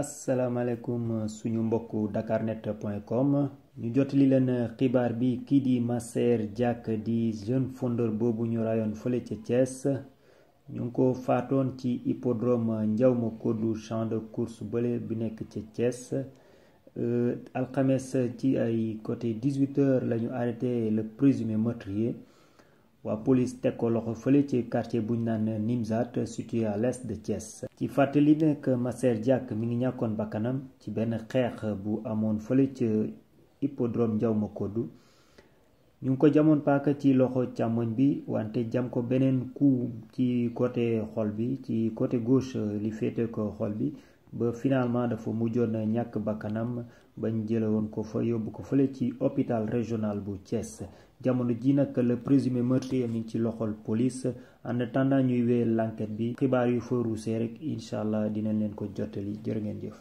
asalaamaaleykum suñu mbokk mbokku dakarnet.com ñu jotali leen xibaar bi kii di Massaer Diack di jeune fondeur boobu ñu rayoon fële ca Thiès ñu ngi ko faatoon ci hippodrome njaw ma koddu champ de course bële bi nekk ca Thiès euh, alxames ci ay côté 18 heures la ñu arrêté le présumé meurtrier waa polis teg ko loxo fële ci quartier buñ naan Nimzat situé à l'est de Thiès ci fàttali nekk Masser Diack mi ngi ñàkkoon bakkanam ci benn xeex bu amoon fële ci hippodrome ma koddu ñu ngi ko jamoon paaka ci loxo càmmoñ bi wante jam ko beneen coup ci côté xol bi ci côté gauche li féete ko xol bi ba finalement dafa mujjoon na ñàkk bakkanam bañ jële woon ko fa yóbbu ko fële ci hôpital régional bu Thiès jamono ji nag le présumé meurtrier mi ngi ci loxol police en attendant ñuy wéyal l'enquête bi xibaar yu fa ruusee rek incha allah dinañ leen ko jottali jër ngeen jëf.